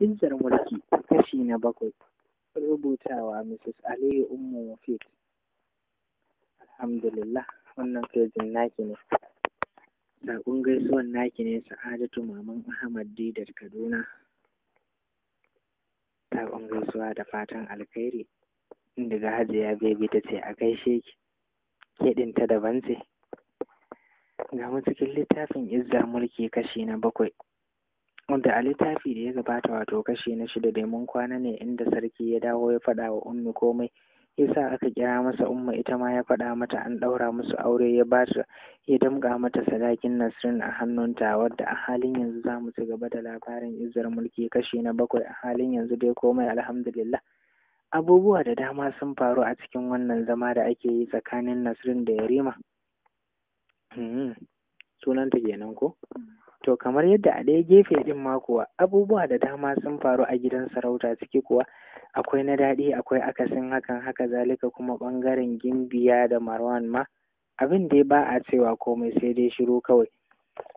Hizar Mulki Kashi na bakwai Rubutawa Mrs. Aliyu Ummu Mufid Alhamdulillah wannan fejin naki ne. Saƙon gaisuwan naki ne Sa'adatu Maman Ahmad Didar Kaduna. Saƙon gaisuwa da fatan alkhairi daga Hajiya bebe ta ce a gaishe ki. Keɗin ta daban ce. Ga mu littafin Izzar Mulki kashi na bakwai. wanda a littafi da ya gabata wato kashi na shida dai mun kwana ne inda sarki ya dawo ya faɗa wa ummi komai yasa aka kira masa umma ita ma ya faɗa mata an ɗaura musu aure ya bata ya damƙa mata sadakin Nasrin a hannunta wadda a halin yanzu za mu ci gaba da labarin izar mulki kashi na bakwai a halin yanzu dai komai alhamdulillah abubuwa da dama sun faru a cikin wannan zama da ake yi tsakanin Nasrin da Yarima hmm, sunanta kenan ko To kamar yadda a ɗaya gefe ɗin ma kuwa abubuwa da dama sun faru a gidan sarauta ciki kuwa akwai na daɗi akwai akasin hakan haka zalika kuma ɓangaren gimbiya da Marwan ma abin dai ba a cewa komai sai dai shiru kawai.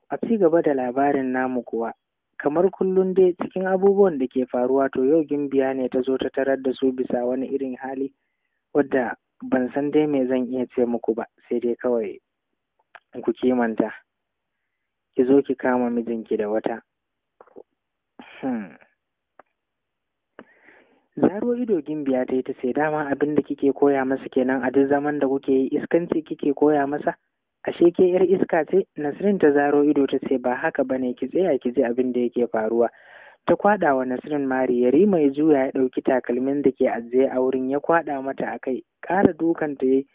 A ci gaba da labarin namu kuwa kamar kullum dai cikin abubuwan da ke faruwa to yau gimbiya ne ta zo ta tarar da su bisa wani irin hali wadda ban san dai me zan iya ce muku ba sai dai kawai ku kimanta. ki zo ki kama mijinki da wata hmm. zaro ido gimbiya ta yi ta sai dama abin da kike koya masa kenan a duk zaman da kuke yi iskanci kike koya masa ashe ke yar iska ce nasirin ta zaro ido ta ce ba haka ba ne ki tsaya ki ji abin da yake faruwa ta kwada wa nasirin mari ya rima ya juya ya ɗauki takalmin da ke ajiye a wurin ya kwaɗa mata a kai ƙara dukan ta yi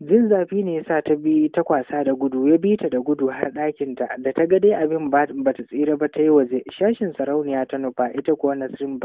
jin zafi ne yasa ta bi ta kwasa da gudu ya bi ta da gudu har ɗakin ta da ta ga dai abin ba ta tsira ba ta yi waje shashin sarauniya ta nufa ita kuwa nasrin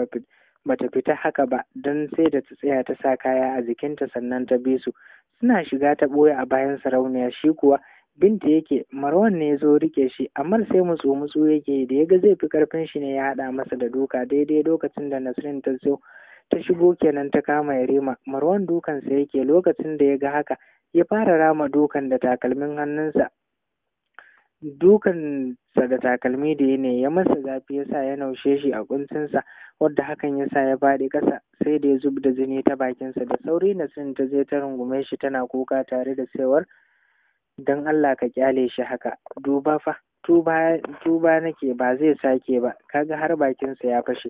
ba ta fita haka ba don sai da ta tsaya ta sa kaya a jikinta sannan ta bi su suna shiga ta ɓoye a bayan sarauniya shi kuwa binta yake marwan ne ya zo rike shi amma sai mutsu mutsu yake da ya ga zai fi karfin shi ne ya haɗa masa da duka daidai lokacin da nasrin ta zo ta shigo kenan ta kama yarima marwan dukansa yake lokacin da ya ga haka ya fara rama dukan da takalmin hannunsa dukansa da takalmi da ya ne ya masa zafi ya sa ya naushe shi a ƙuncinsa wadda hakan ya sa ya faɗi ƙasa sai da ya zub da jini ta bakinsa da sauri na sun ta je ta rungume shi tana kuka tare da cewar don Allah ka kyale shi haka duba fa tuba tuba nake ba zai sake ba kaga har bakinsa ya fashe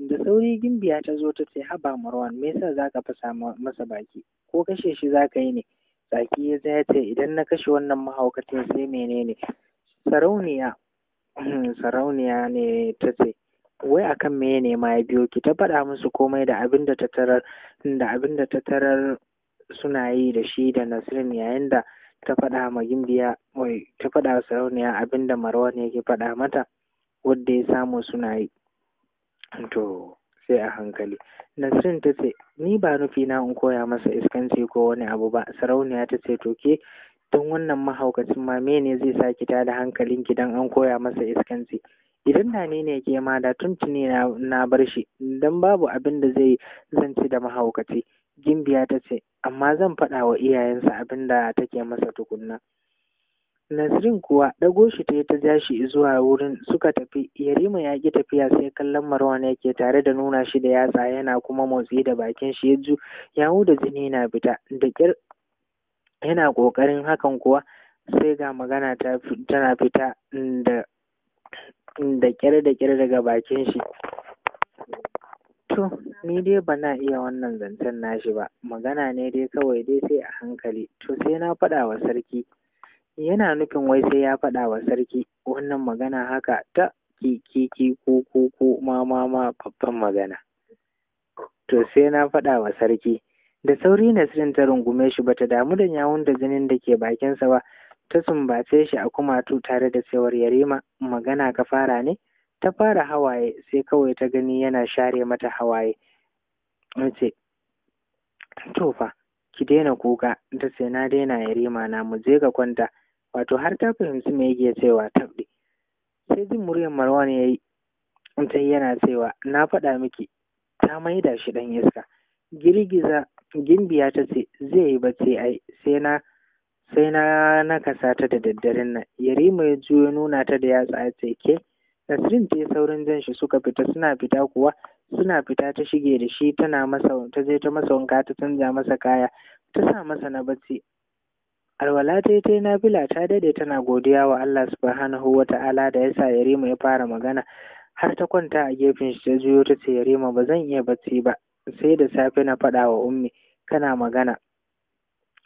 Da sauri Gimbiya ta zo ta ce, Haba Marwan, me yasa za ka fasa masa baki? Ko kashe shi za ka yi ne? saki ya ya ce, Idan na kashe wannan mahaukacin sai menene? Sarauniya, sarauniya ne ta ce, Wai akan me ne ma ya biyo ki? Ta faɗa musu komai da abin da ta tarar, da abin da ta tarar suna yi da shi da Nasirin yayin da ta faɗa ma Gimbiya, ta faɗa sarauniya abin da Marwan yake faɗa mata, wadda ya samu suna yi. To sai a hankali. Nasrin ta ce, Ni ba nufi na in koya masa iskanci ko wani abu ba, sarauniya ta ce, To ke, don wannan mahaukacin ma mene zai sa ki tada hankalin gidan an koya masa iskanci. Idan da ne ke ma da tuntuni na bar shi, don babu abin da zai zanci da mahaukaci. Gimbiya ta ce, Amma zan faɗa wa iyayensa abin da take masa tukunna. Nasrin kuwa ɗago shi ta yi ta ja zuwa wurin suka tafi, Yarima ya ƙi tafiya sai kallon Marwan yake tare da nuna shi da yatsa yana kuma motsi da bakin shi ya ju da jini na fita, da ƙyar yana ƙoƙarin hakan kuwa sai ga magana ta tana fita da da ƙyar da ƙyar daga bakin shi. To, ni dai ba na iya wannan zancen nashi ba, magana ne dai kawai dai sai a hankali, to sai na faɗa wa sarki. yana nufin wai sai ya faɗa wa sarki wannan magana haka ta kiki ko ko ko ma ma ma babban magana to sai na faɗa wa sarki da sauri nasrin ta rungume shi bata damu da yawun da jinin da ke bakinsa ba ta sumbace shi a kumatu tare da cewar yarima magana ka fara ne ta fara hawaye sai kawai ta gani yana share mata hawaye ce to fa ki daina kuka da sai na daina yarima na mu je ka kwanta wato har ta fahimci me yake cewa tabdi sai jin muryar marwan yayi yi sai yana cewa na faɗa miki ta maida shi ɗan iska girgiza gimbiya ta ce zai yi bacci ai sai na sai na nakasa ta da daddaren nan yarima ya juyo nuna ta da yatsa ya ce ke Nasrin ta yi saurin jan shi suka fita suna fita kuwa suna fita ta shige da shi tana masa ta je ta masa wanka ta canza masa kaya ta sa masa na bacci alwala ta yi na bila ta daɗe tana godiya wa Allah subhanahu wa ta'ala da ya sa Yarima ya fara magana har ta kwanta a gefen shi ta juyo ta ce Yarima ba zan iya bacci ba sai da safe na faɗa wa ummi kana magana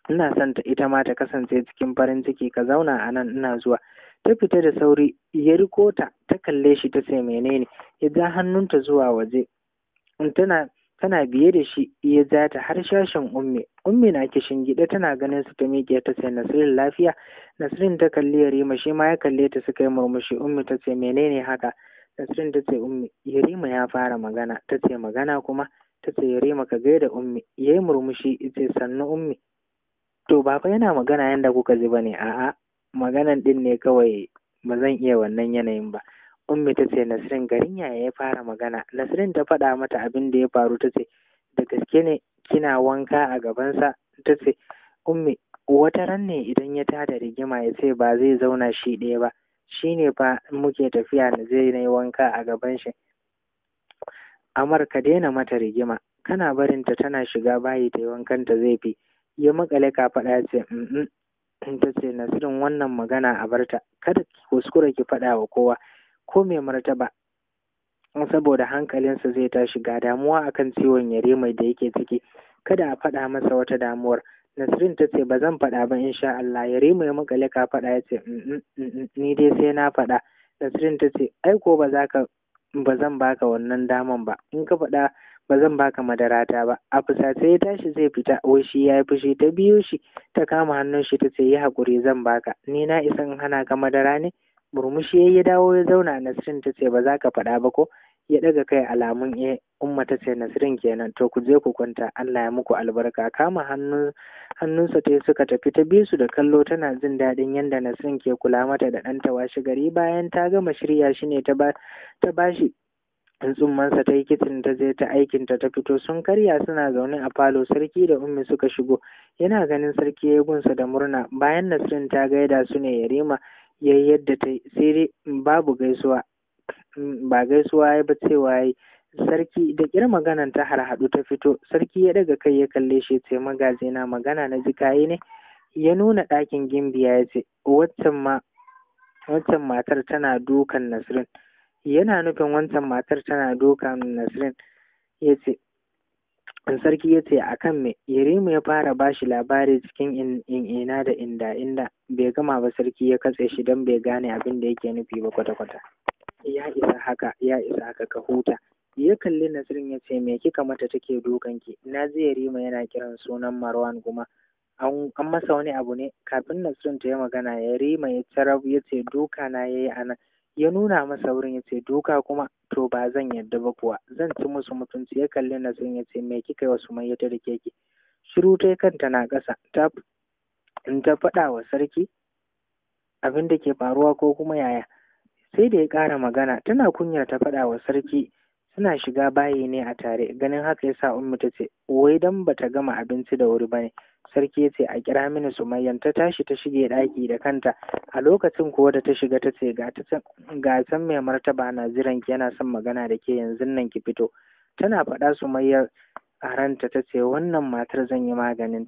ina son ta ita ma ta kasance cikin farin ciki ka zauna a nan ina zuwa ta fita da sauri ya riko ta ta kalle shi ta ce menene ya ja hannunta zuwa waje tana tana biye da shi iya zata har shashin ummi ummi na kishin gida tana ganin su ta miƙe ta sai nasirin lafiya nasirin ta kalli yarima shi ma ya kalle ta suka yi murmushi ummi ta ce menene haka nasirin ta ce ummi yarima ya fara magana ta ce magana kuma ta ce yarima ka gaida ummi ya yi murmushi ita sannu ummi to ba fa yana magana yanda kuka ji ne. a'a maganan ɗin ne kawai ba zan iya wannan yanayin ba Ummi ta ce Nasrin garin yaya ya fara magana. Nasrin ta faɗa mata abin da ya faru ta ce da gaske ne kina wanka a gabansa ta ce Ummi wata ran ne idan ya tada rigima ya ce ba zai zauna shi ɗaya ba shi ne fa muke tafiya na zai na yi wanka a gaban shi. Amar ka daina mata rigima kana ta tana shiga bayi ta yi ta zai fi ya makale ka faɗa ce ta ce Nasirin wannan magana a barta kada ki kuskura ki faɗa wa kowa ko mai martaba saboda hankalinsa zai tashi ga damuwa akan ciwon yare mai da yake ciki kada a faɗa masa wata damuwar Nasrin ta ce ba zan faɗa ba insha Allah yare mai makale ka faɗa ya ce mm, mm, mm, ni dai sai na faɗa Nasrin ta ce ai ko ba za ba zan baka wannan daman ba in ka faɗa ba zan baka madarata ba a fusace ya tashi zai fita wai shi ya yi fushi ta biyo shi ta kama hannun shi ta ce yi haƙuri zan baka ni na isa in hana ka madara ne murmushi ya dawo ya zauna nasirin ta ce ba za ka faɗa ba ko ya ɗaga kai alamun e umma ta ce nasirin kenan to ku je ku kwanta Allah ya muku albarka kama hannun hannunsa ta suka tafi ta bi su da kallo tana jin daɗin yadda nasirin ke kula mata da ɗanta washe gari bayan ta gama shirya shi ne ta ba ta bashi tsummansa ta yi kitin ta je ta aikin ta ta fito sun karya suna zaune a falo sarki da ummi suka shigo yana ganin sarki ya gunsa da murna bayan Nasrin ta gaida su ne Yarima yayi yadda ta yi sai dai babu gaisuwa ba gaisuwa ya ba cewa yayi sarki da kira maganan ta harhaɗu ta fito sarki ya daga kai ya kalle shi ce magaji na magana na ji kayi ne ya nuna ɗakin gimbiya ya ce waccan ma wancan matar tana dukan Nasirin yana nufin wancan matar tana dukan Nasirin ya ce sarki ya ce a kan me Yerima ya fara ba shi labari cikin in, ina da inda inda bai gama ba sarki ya katse shi don bai gane abin da yake nufi ba kwata-kwata. Ya isa haka, ya isa haka ka huta. Ya kalli Nasirin ya ce me kika mata take ki? Na ji Yerima yana kiran sunan Marwan kuma an masa wani abu ne kafin Nasirin ta yi magana Yerima ya tarab ya ce duka na yayi anan ya nuna masa wurin ya ce duka kuma to ba zan yadda ba kuwa zan ci musu mutunci ya kalli na sun ya ce me kika wa sumayya ta rike ki shiru ta kanta na ƙasa ta in ta faɗa wa sarki abin da ke faruwa ko kuma yaya sai da ya ƙara magana tana kunyar ta faɗa wa sarki suna shiga bayi ne a tare ganin haka ya sa ummu ta ce wai dan ta gama abinci da wuri ba ne. sarki ya ce a kira mini sumayyan ta tashi ta shige ɗaki da kanta a lokacin kuwa da ta shiga ta ce ga san mai martaba na ziran ki yana son magana da ke yanzu nan ki fito tana faɗa sumayya a ranta ta ce wannan matar zan yi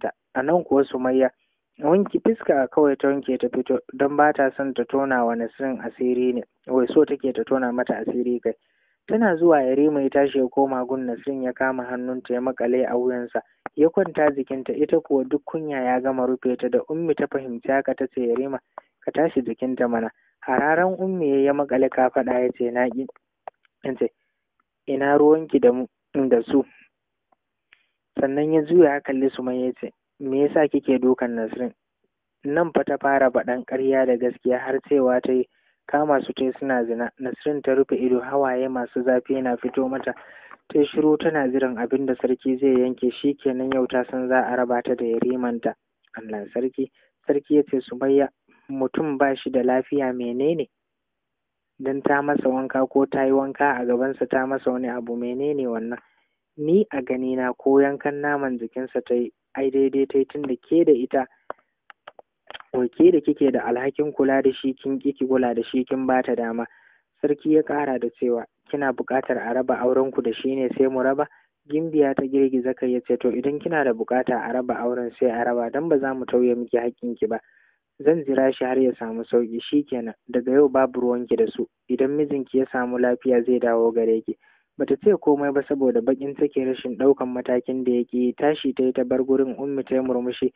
ta a nan kuwa sumayya wanki fiska kawai ta wanke ta fito don ba ta son ta tona wa nasirin asiri ne wai so take ta tona mata asiri kai Tana zuwa Yarima ya tashi ya koma gun Nasrin ya kama hannunta ya makale a wuyansa, ya kwanta jikinta ita kuwa duk kunya ya gama rufe ta da Ummi ta fahimci haka ta ce Yarima ka tashi jikinta mana. Hararen Ummi ya makale ka faɗa ya ce na ƙi. ce ina ruwanki da da su. Sannan ya zuya ya kalli mai ya ce me yasa kike dukan Nasrin? Nan fa ta fara faɗan ƙarya da gaskiya har cewa ta yi kama su tai suna zina Nasrin ta rufe ido hawaye masu zafi yana fito mata ta shiru tana jiran abin da sarki zai yanke shi kenan yau ta san za a raba ta da yarimanta Allah sarki sarki ya ce su bayya. mutum ba shi da lafiya menene dan ta masa wanka ko ta yi wanka a gabansa ta masa wani abu menene wannan ni a ganina ko yankan naman jikinsa ta yi ai daidai ta yi tunda ke da ita ke da kike da alhakin kula da shi kin kiki ki kula da shi kin bata dama sarki ya ƙara da cewa kina buƙatar a raba auren ku da shi ne sai mu raba gimbiya ta girgiza kai ya ce to idan kina da buƙata a raba auren sai a raba dan ba za mu tauye miki hakkin ki ba zan jira shi har ya samu sauƙi shikenan daga yau babu ruwan ki da su idan mijinki ya samu lafiya zai dawo gare ki bata ce komai ba saboda bakin take rashin ɗaukan matakin da yake tashi ta yi ta bar gurin ummi ta yi murmushi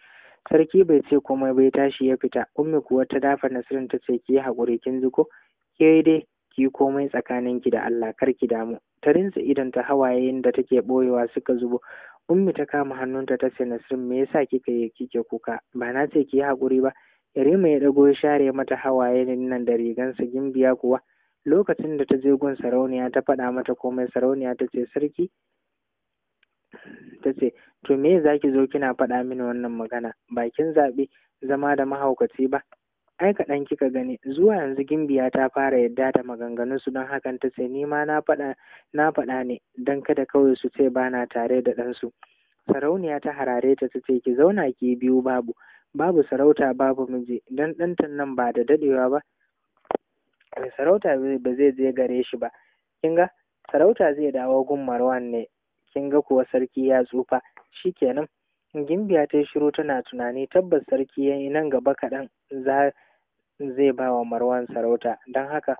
sarki bai ce komai bai tashi ya fita ummi kuwa ta dafa nasirin ta ce ki haƙuri kin ji ko ke dai ki komai tsakaninki da Allah kar ki damu ta rinsa idan ta hawaye inda take boyewa suka zubo ummi ta kama hannunta ta ce nasirin me yasa kika yi kike kuka ba na ce ki haƙuri ba yarima ya dago ya share mata ne nan da sa gimbiya kuwa lokacin da ta je gun sarauniya ta faɗa mata komai sarauniya ta ce sarki ta ce to me za ki zo kina faɗa mini wannan magana bakin zaɓi, zama da mahaukaci ba ai kaɗan kika gani zuwa yanzu gimbiya ta fara yadda da maganganun su don hakan ta ce ni ma na faɗa ne don kada kawai su ce ba na tare da ɗansu sarauniya ta harare ta ta ce ki zauna ki biyu babu babu sarauta babu miji don ɗantan nan ba da daɗewa ba sarauta ba zai je gare shi ba Kinga sarauta zai dawo gun marwan ne kin ga kuwa sarki ya tsufa shi kenan. gimbiya ta yi shiru tana tunani tabbas sarki ya nan gaba kaɗan za zai ba wa marwan sarauta don haka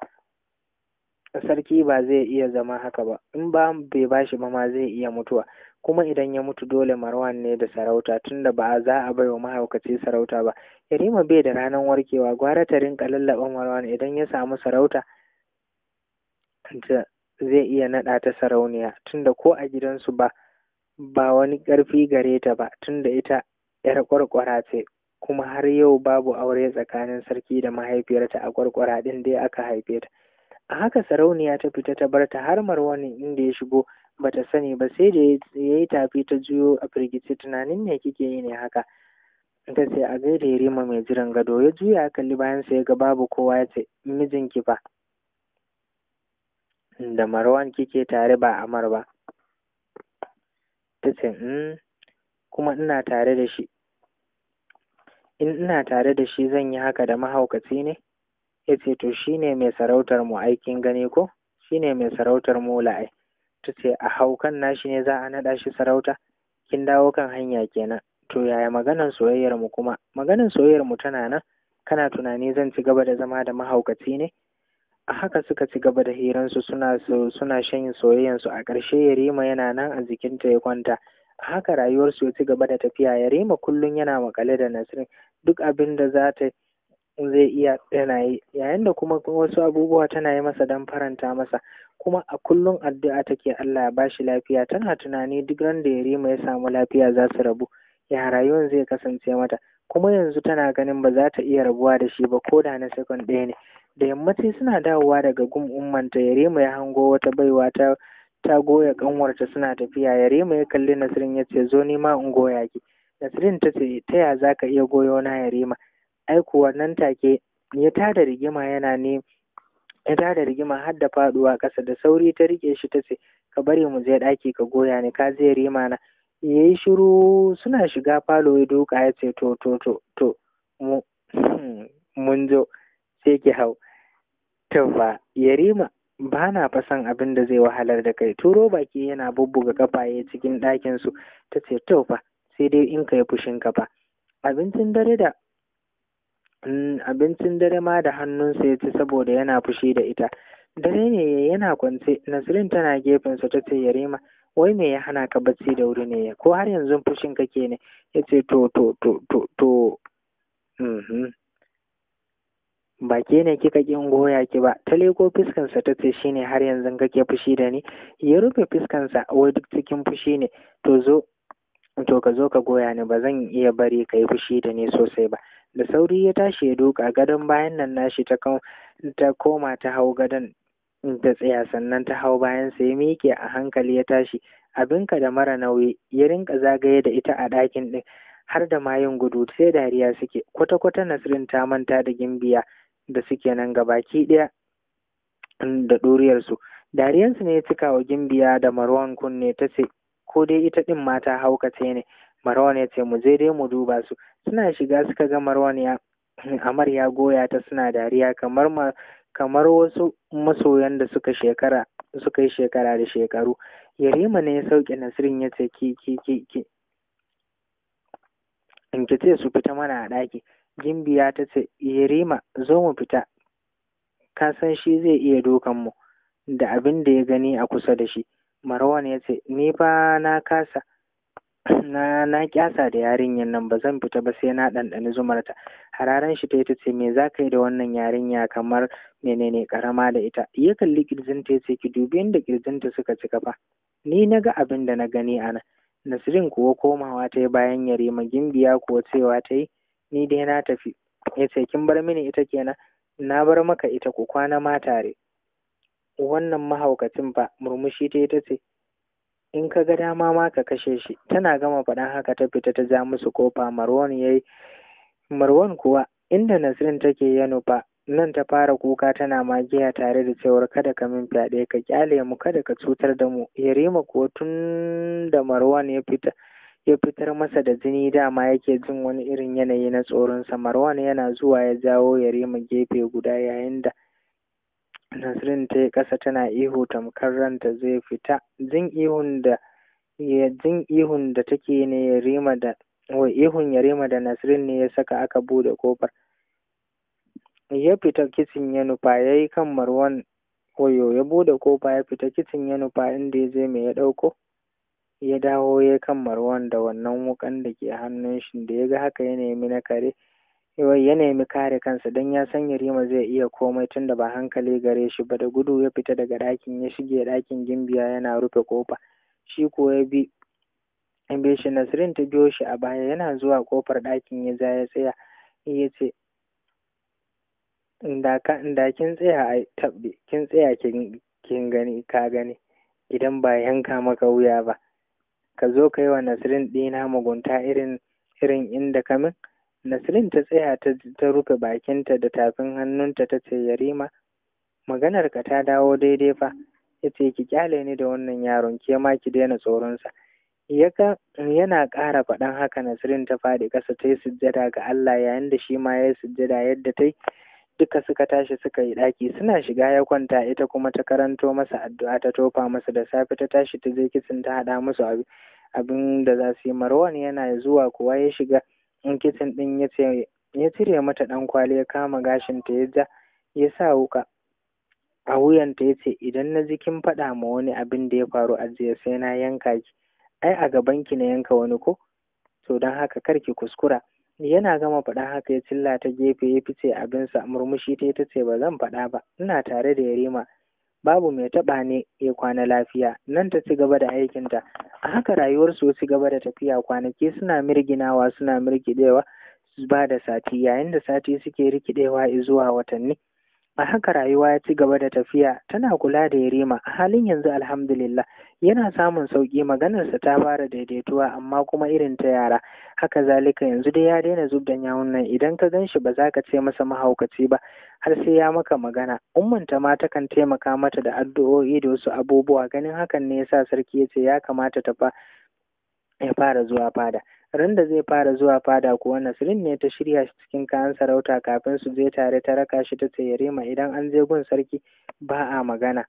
sarki ba zai iya zama haka ba in ba bai ba shi ba ma zai iya mutuwa kuma idan ya mutu dole marwan ne da sarauta tunda ba za a bai wa mahaukaci sarauta ba yarima bai da ranar warkewa gwara ta rinka lallaɓa marwan idan ya samu sarauta zai iya naɗa ta sarauniya tunda ko a gidansu ba ba wani ƙarfi gare ta ba tunda ita ‘yar ƙwarƙwara ce kuma har yau babu aure tsakanin sarki da mahaifiyarta a ƙwarƙwara ɗin dai aka haife ta a haka sarauniya ta fita ta bar ta har marwanin inda ya shigo ba ta sani ba sai da ya yi tafi ta juyo a firgice tunanin me kike yi ne haka ta ce a gaida rima mai jiran gado ya juya kalli bayan sa ya ga babu kowa ya ce mijinki ba." da Marwan kike tare ba Amar ba. Ta ce, mm, kuma ina tare da shi. In ina tare da shi zan yi haka da mahaukaci ne? Ya ce, to shi ne mai sarautar mu aikin gani ko? Shi ne mai sarautar mu la'ai. Ta ce, a haukan nashi ne za a naɗa shi sarauta? Kin dawo kan hanya kenan. To yaya maganan soyayyar mu kuma? Maganan soyayyar mu tana nan? Kana tunani zan ci gaba da zama da mahaukaci ne? haka suka ci gaba da hiransu suna suna shan soyayyansu a ƙarshe Yarima yana nan a jikinta ya kwanta haka rayuwarsu ya ci gaba da tafiya Yarima kullum yana makale da nasirin, duk abin da za ta zai iya tana yi yayin da kuma wasu abubuwa tana yi masa don faranta masa kuma a kullum addu'a take Allah ya bashi lafiya tana tunani duk randa Yarima ya samu lafiya za su rabu ya rayuwar zai kasance mata kuma yanzu tana ganin ba za ta iya rabuwa da shi ba ko da na sakon ɗaya ne da yammaci suna dawowa daga gun ummanta yarima ya hango wata baiwa ta ta goya kanwarta suna tafiya yarima ya kalli nasirin ya ce zo nima in goya ki nasirin ta ce ta ya za ka iya goyo na yarima ai kuwa nan take ya tada rigima yana ne ya tada rigima har da faduwa ƙasa da sauri ta rike shi ta ce ka bari mu je ɗaki ka goya ni ka je yarima na ya yi shiru suna shiga falo ya duka ya ce to to to to mun zo'! sai ki hau Tuffa, Yarima, ba na son abin da zai wahalar da kai. Turo baki yana bubbuga kafaye cikin ɗakinsu. Ta ce, Tuffa, sai dai in ka yi fushin kafa. Abincin dare da mm, abincin dare ma da hannunsa ya ci saboda yana fushi da ita. Dare ne yana kwance, Nasirin tana gefensa ta ce, Yarima, wai me ya hana ka bacci da wuri ne ko har yanzu fushin kake ne? Ya ce, To, to, to, to, to, mm-hmm. ba ke ne kika kin goya ki ba ta leko fiskansa ta ce shine har yanzu kake fushi da ni ya rufe fuskansa wai duk cikin fushi ne to zo to ka zo ka goya ni ba zan iya bari kai fushi da ni sosai ba da sauri ya tashi ya duka gadon bayan nan nashi ta ta koma ta hau gadon ta tsaya sannan ta hau bayan sa ya miƙe a hankali ya tashi abinka da mara nauyi ya rinka zagaye da ita a ɗakin ɗin har da mayun gudu sai dariya suke kwata-kwata Nasrin ta manta da gimbiya da suke nan gabaki ɗaya da ɗuriyarsu dariyarsu ne ya cika wa gimbiya da marwan kunne ta ce ko dai ita ɗin mata haukace ne marwan ya ce mu je dai mu duba su suna shiga suka ga marwan ya amar ya goya ta suna dariya kamar ma kamar wasu masoyan da suka shekara suka yi shekara da shekaru yarima ne ya sauke nasirin ya ce ki ki ki ki in ki ce su fita mana a ɗaki Gimbiya ta ce, Yerima zo mu fita, ka san shi zai iya dukan mu da abin da ya gani a kusa da shi. Marwan ya ce, Ni fa na kasa, na kyasa da yarinyar nan ba zan fita ba sai na ɗanɗani zumarta. Hararen shi ta ce, Me za ka yi da wannan yarinya kamar menene karama da ita? Ya kalli kirjinta ya ce, Ki dubi inda kirjinta suka cika fa. Ni na ga abin da na gani a nan. Nasirin kuwa komawa ta yi bayan yarima gimbiya kuwa cewa ta yi ni dai na tafi ya ce kin bar mini ita kenan na bar maka ita ku kwana ma tare wannan mahaukacin fa murmushi ta ita ce in ka ga dama ma ka kashe shi tana gama faɗan haka ta fita ta ja musu kofa marwan yayi marwan kuwa inda nasrin take ya nufa nan ta fara kuka tana magiya tare da cewar kada ka min fyaɗe ka kyale mu kada ka cutar da mu yarima kuwa tun da marwan ya fita ya fitar masa da jini dama yake jin wani irin yanayi na tsoronsa Marwan yana zuwa ya jawo Yarima gefe guda yayin da Nasrin ta yi ƙasa tana ihu tamkar ranta zai fita jin ihun da jin ihun da take ne Yarima da ihun Yarima da Nasrin ne ya saka aka bude kofar ya fita kicin ya nufa ya yi kan Marwan koyo ya bude kofa ya fita kicin ya nufa inda ya je me ya ɗauko ya dawo ya kan Marwan da wannan wukan da ke hannun shi da ya ga haka ya nemi na kare ya nemi kare kansa don ya san Yarima zai iya komai tunda ba hankali gare shi ba da gudu ya fita daga ɗakin ya shige ɗakin gimbiya yana rufe ƙofa shi ko ya bi in bi shi Nasrin ta biyo shi a baya yana zuwa kofar ɗakin ya za ya tsaya ya ce da kin tsaya a tabbe kin tsaya kin gani ka gani idan ba yanka maka wuya ba ka zo ka yi wa Nasrin ɗina mugunta irin irin inda ka min Nasrin ta tsaya ta, ta rufe bakinta da tafin hannunta ta ce Yarima maganar ka ta dawo daidai fa Ya ce ki kyale ni da wannan yaron ke ma ki daina tsoronsa yaka yana ƙara faɗan haka Nasrin ta faɗi ƙasa ta yi sujjada ga Allah yayin da shi ma ya yi sujjada yadda ta yi duka suka tashi suka yi ɗaki suna shiga ya kwanta ita kuma ta karanto masa addu'a ta tofa masa da safe ta tashi ta je kitchen ta haɗa musu abu abin da za su yi marwan yana zuwa kuwa ya shiga in kicin ɗin ya cire mata ɗan kwali ya kama gashinta ya ja ya sa wuka a wuyanta ya ce idan na ji kin faɗa ma wani abin da ya faru a jiya sai na yanka ki ai a gaban ki na yanka wani ko to don haka kar ki kuskura yana gama faɗa haka ya cilla ta gefe ya fice abinsa murmushi ta ta ce ba zan faɗa ba ina tare da yarima babu mai taɓa ne ya kwana lafiya nan ta ci gaba da aikinta a haka rayuwarsu su ci gaba da tafiya kwanaki suna mirginawa suna mirgidewa ba da sati yayin da sati suke rikidewa zuwa watanni a haka rayuwa ya ci gaba da tafiya tana kula da yarima a halin yanzu alhamdulillah yana samun sauƙi maganarsa ta fara daidaituwa amma kuma irin ta yara haka zalika yanzu dai ya daina zub da yawun nan idan ka gan shi ba za ka ce masa mahaukaci ba har sai ya maka magana ummanta ma takan taimaka mata da addu'o'i da wasu abubuwa ganin hakan ne yasa sarki ya ce ya kamata ta ya fara zuwa fada randa zai fara zuwa fada kuwa nasirin ne ta shirya shi cikin kayan sarauta kafin su je tare ta raka shi ta ce yarima idan an je gun sarki ba a magana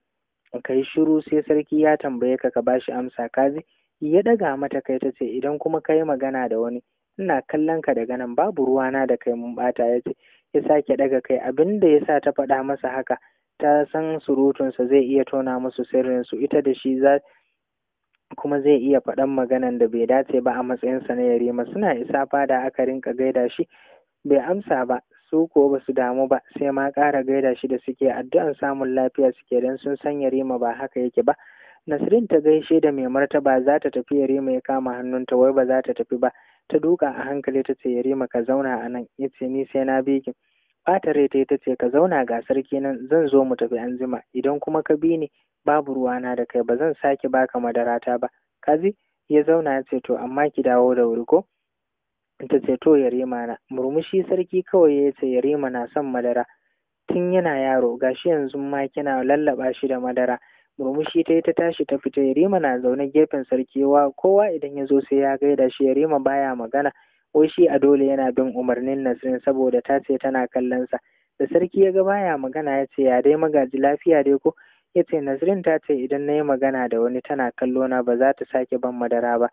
ka yi shiru sai sarki ya tambaye ka ka shi amsa ka ji ya ɗaga mata kai ta ce idan kuma ka yi magana da wani ina kallon ka daga nan babu ruwa na da kai mun ɓata ya ce ya sake ɗaga kai abin da ya sa ta faɗa masa haka ta san surutunsa zai iya tona musu su ita da shi za kuma zai iya faɗan maganan da bai dace ba a matsayinsa na yarima suna isa fada aka rinka gaida shi bai amsa ba su kuwa ba su damu ba sai ma ƙara gaida shi da suke addu'an samun lafiya suke don sun san yarima ba haka yake ba Nasrin ta gaishe da mai martaba za ta tafi yarima ya kama hannunta wai ba za ta tafi ba ta duka a hankali ta ce yarima ka zauna a nan ya ni sai na bi ki ɓata rai ta ce ka zauna ga sarki nan zan zo mu tafi an zima idan kuma ka bi ni babu na da kai ba zan sake baka madarata ba kazi ya zauna ya ce to amma ki dawo da wuri ko ta ce to yarima na murmushi sarki kawai ya ce yarima na son madara tun yana yaro gashi yanzu ma kina lallaɓa shi da madara murmushi ta yi ta tashi ta fita yarima na zaune gefen sarki wa kowa idan ya zo sai ya gaida shi yarima baya magana wai shi a dole yana bin umarnin nasirin saboda ta ce tana kallon sa da sarki ya ga baya magana ya ce ya dai magaji lafiya dai ko ya ce nasirin ta ce idan na yi magana da wani tana kallo na ba za ta sake ban madara ba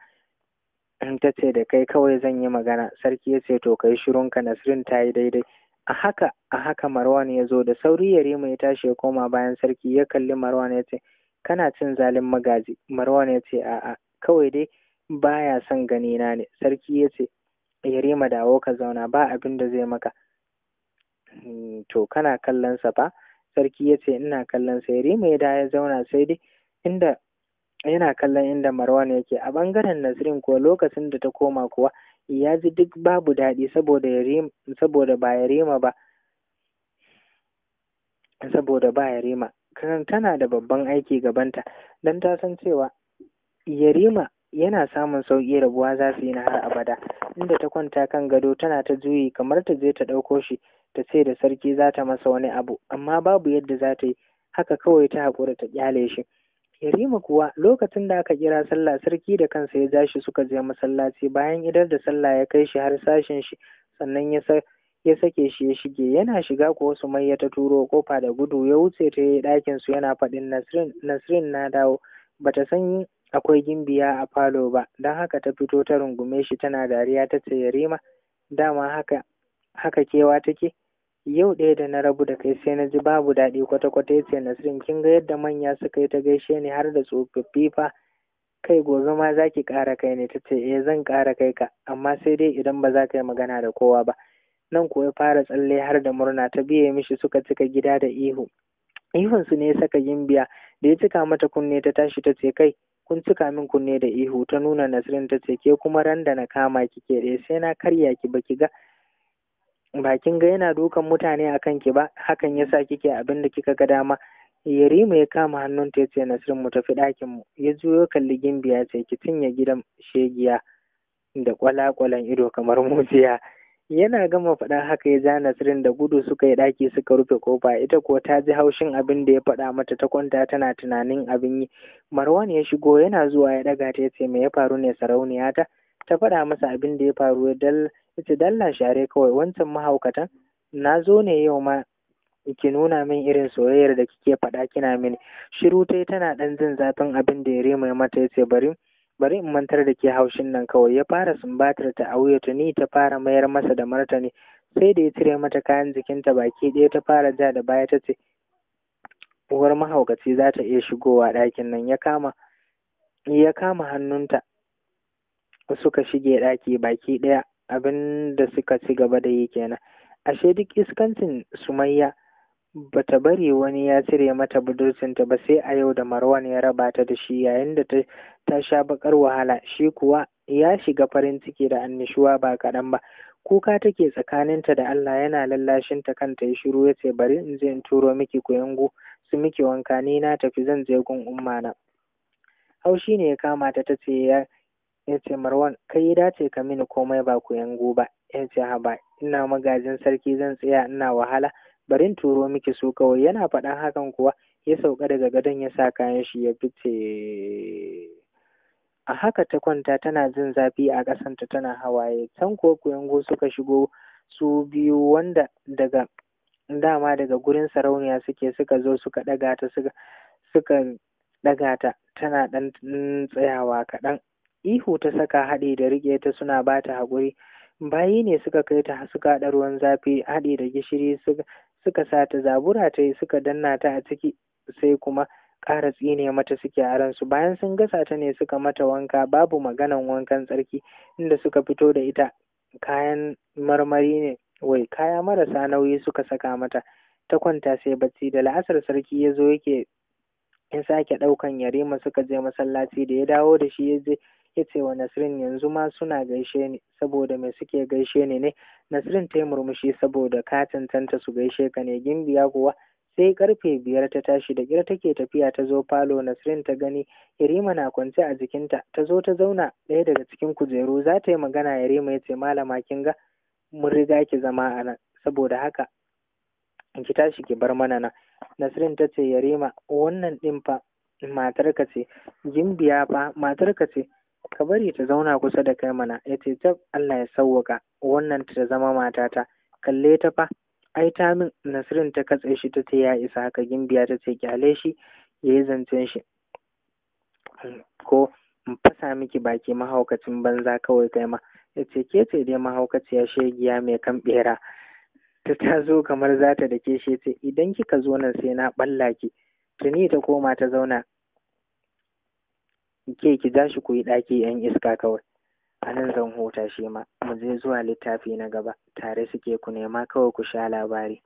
ta ce da kai kawai zan yi magana sarki ya ce to kai shirunka Nasrin ta yi daidai a haka a haka Marwan ya zo da sauri Yarima ya tashi ya koma bayan sarki ya kalli Marwan ya ce kana cin zalin magaji Marwan ya ce a'a kawai dai baya son gani na ne sarki ya ce Yarima dawo ka zauna ba abin da zai maka hmm, to kana kallon sa fa sarki ya ce ina kallon sa Yarima ya da ya zauna sai dai inda yana kallon inda Marwan yake a bangaren Nasrin kuwa lokacin da ta koma kuwa ya ji duk babu daɗi saboda saboda ba ya rema ba saboda ba ya rema tana da babban aiki gabanta don ta san cewa yarima yana samun sauƙi rabuwa za su yi na har abada inda ta kwanta kan gado tana ta juyi kamar ta je ta ɗauko shi ta ce da sarki za ta masa wani abu amma babu yadda za ta yi haka kawai ta haƙura ta ƙyale shi Yarima kuwa lokacin da aka kira sallah sarki da kansa ya zashi suka je masallaci bayan idar da sallah ya kai shi har sashen shi sannan ya ya sake shi ya shige yana shiga ko su mai ya ta turo kofa da gudu ya wuce ta yi ɗakin su yana faɗin Nasrin na dawo bata san akwai gimbiya a falo ba don haka ta fito ta rungume shi tana dariya ta ce Yarima dama haka haka kewa take yau ɗaya da na rabu da kai sai na ji babu daɗi kwata-kwata ya ce Nasirin kin ga yadda manya suka yi ta gaishe ni har da tsofaffi fa kai gobe ma za ki ƙara kai ne ta ce eh zan ƙara kai ka amma sai dai idan ba za ka yi magana da kowa ba nan kuwa ya fara tsalle har da murna ta biye mishi suka cika gida da ihu ihun su ne ya saka gimbiya da ya cika mata kunne ta tashi ta ce kai kun cika min kunne da ihu ta nuna Nasirin ta ce ke kuma randa na kama ki ke sai na karya ki baki ga ba kin ga yana dukan mutane a kanki ba hakan ya sa kike abin da kika ga dama yarima ya kama hannunta ya ce nasirin mu tafi ɗakin mu ya juyo kalli gimbi ya ce ki cinye gidan shegiya da kwalakwalan ido kamar mujiya yana gama faɗa haka ya ja nasirin da gudu suka yi ɗaki suka rufe kofa ita ko ta ji haushin abin da ya faɗa mata ta kwanta tana tunanin abin yi marwan ya shigo yana zuwa ya ɗaga ta ya ce me ya faru ne sarauniya ta ta faɗa masa abin da ya faru ya dal ce dalla share kawai wancan mahaukatan na zo ne yau ma ki nuna min irin soyayyar da kike faɗa kina mini shiru tai tana ɗan jin zafin abin da ya mai mata ya ce bari bari in mantar da ke haushin nan kawai ya fara sumbatar ta a wuya tuni ta fara mayar masa da martani sai da ya cire mata kayan jikinta baki ɗaya ta fara ja da baya ta ce uwar mahaukaci za ta iya shigowa ɗakin nan ya kama ya kama hannunta suka shige ɗaki baki ɗaya abin da suka ci gaba da yi kenan ashe duk iskancin sumayya bata bari wani ya cire mata budurcinta ba sai a yau da marwan ya raba ta da shi yayin da ta, sha bakar wahala shi kuwa ya shiga farin ciki da annishuwa ba kaɗan ba kuka take tsakaninta da Allah yana lallashin ta kanta ya shiru ya ce bari in je in turo miki kuyangu su miki wanka ni na tafi zan je gun umma na haushi ne ya kama ta ce ya ya ce marwan kai ya dace ka mini komai ba ku ba ya ce haba ina magajin sarki zan tsaya ina wahala barin turo miki su kawai yana faɗan hakan kuwa ya sauka daga gadon ya sa kayan shi ya fice a haka ta kwanta tana jin zafi a ƙasanta tana hawaye can kuwa kuyango suka shigo su biyu wanda daga dama daga gurin sarauniya suke suka zo suka ɗaga ta suka suka ɗaga ta tana ɗan tsayawa kaɗan ihu ta saka haɗe da riƙe ta suna ba ta haƙuri bayi ne suka kai ta suka haɗa ruwan zafi haɗe da gishiri suka sa ta zabura ta yi suka danna ta a ciki sai kuma ƙara tsine mata suke a ransu bayan sun gasa ta ne suka mata wanka babu maganan wankan tsarki inda suka fito da ita kayan marmari ne wai kaya marasa nauyi suka saka mata ta kwanta sai bacci da la'asar sarki ya zo yake in sake ɗaukan yarima suka je masallaci da ya dawo da shi ya je ya ce wa Nasrin yanzu ma suna gaishe ni saboda me suke gaishe ni ne Nasrin ta yi murmushi saboda katin tanta su gaishe ka ne gimbiya kuwa sai karfe biyar ta tashi da gira take tafiya ta zo falo Nasrin ta gani Yarima na kwance a jikinta ta zo ta zauna ɗaya daga cikin kujeru za ta yi magana Yarima ya ce malama kin ga mun riga ki zama a nan saboda haka ki tashi ki bar mana nan Nasrin ta ce Yarima wannan ɗin fa matarka ce gimbiya fa matarka ce ka bari ta zauna kusa da kai mana ya ce tab Allah ya sauwaka wannan ta zama matata kalle ta fa ai ta min nasirin ta katse shi ta ce ya isa haka gimbiya ta ce kyale shi ya yi zancen shi ko in fasa miki baki mahaukacin banza kawai kai ma ya ce ke ce dai mahaukaciya shegiya mai kan bera ta ta zo kamar za ta dake shi ce idan kika zo nan sai na balla ki tuni ta koma ta zauna ke ki shi ku yi ɗaki yan iska kawai a nan zan huta shi ma mu je zuwa littafi na gaba tare suke ku nema kawai ku sha labari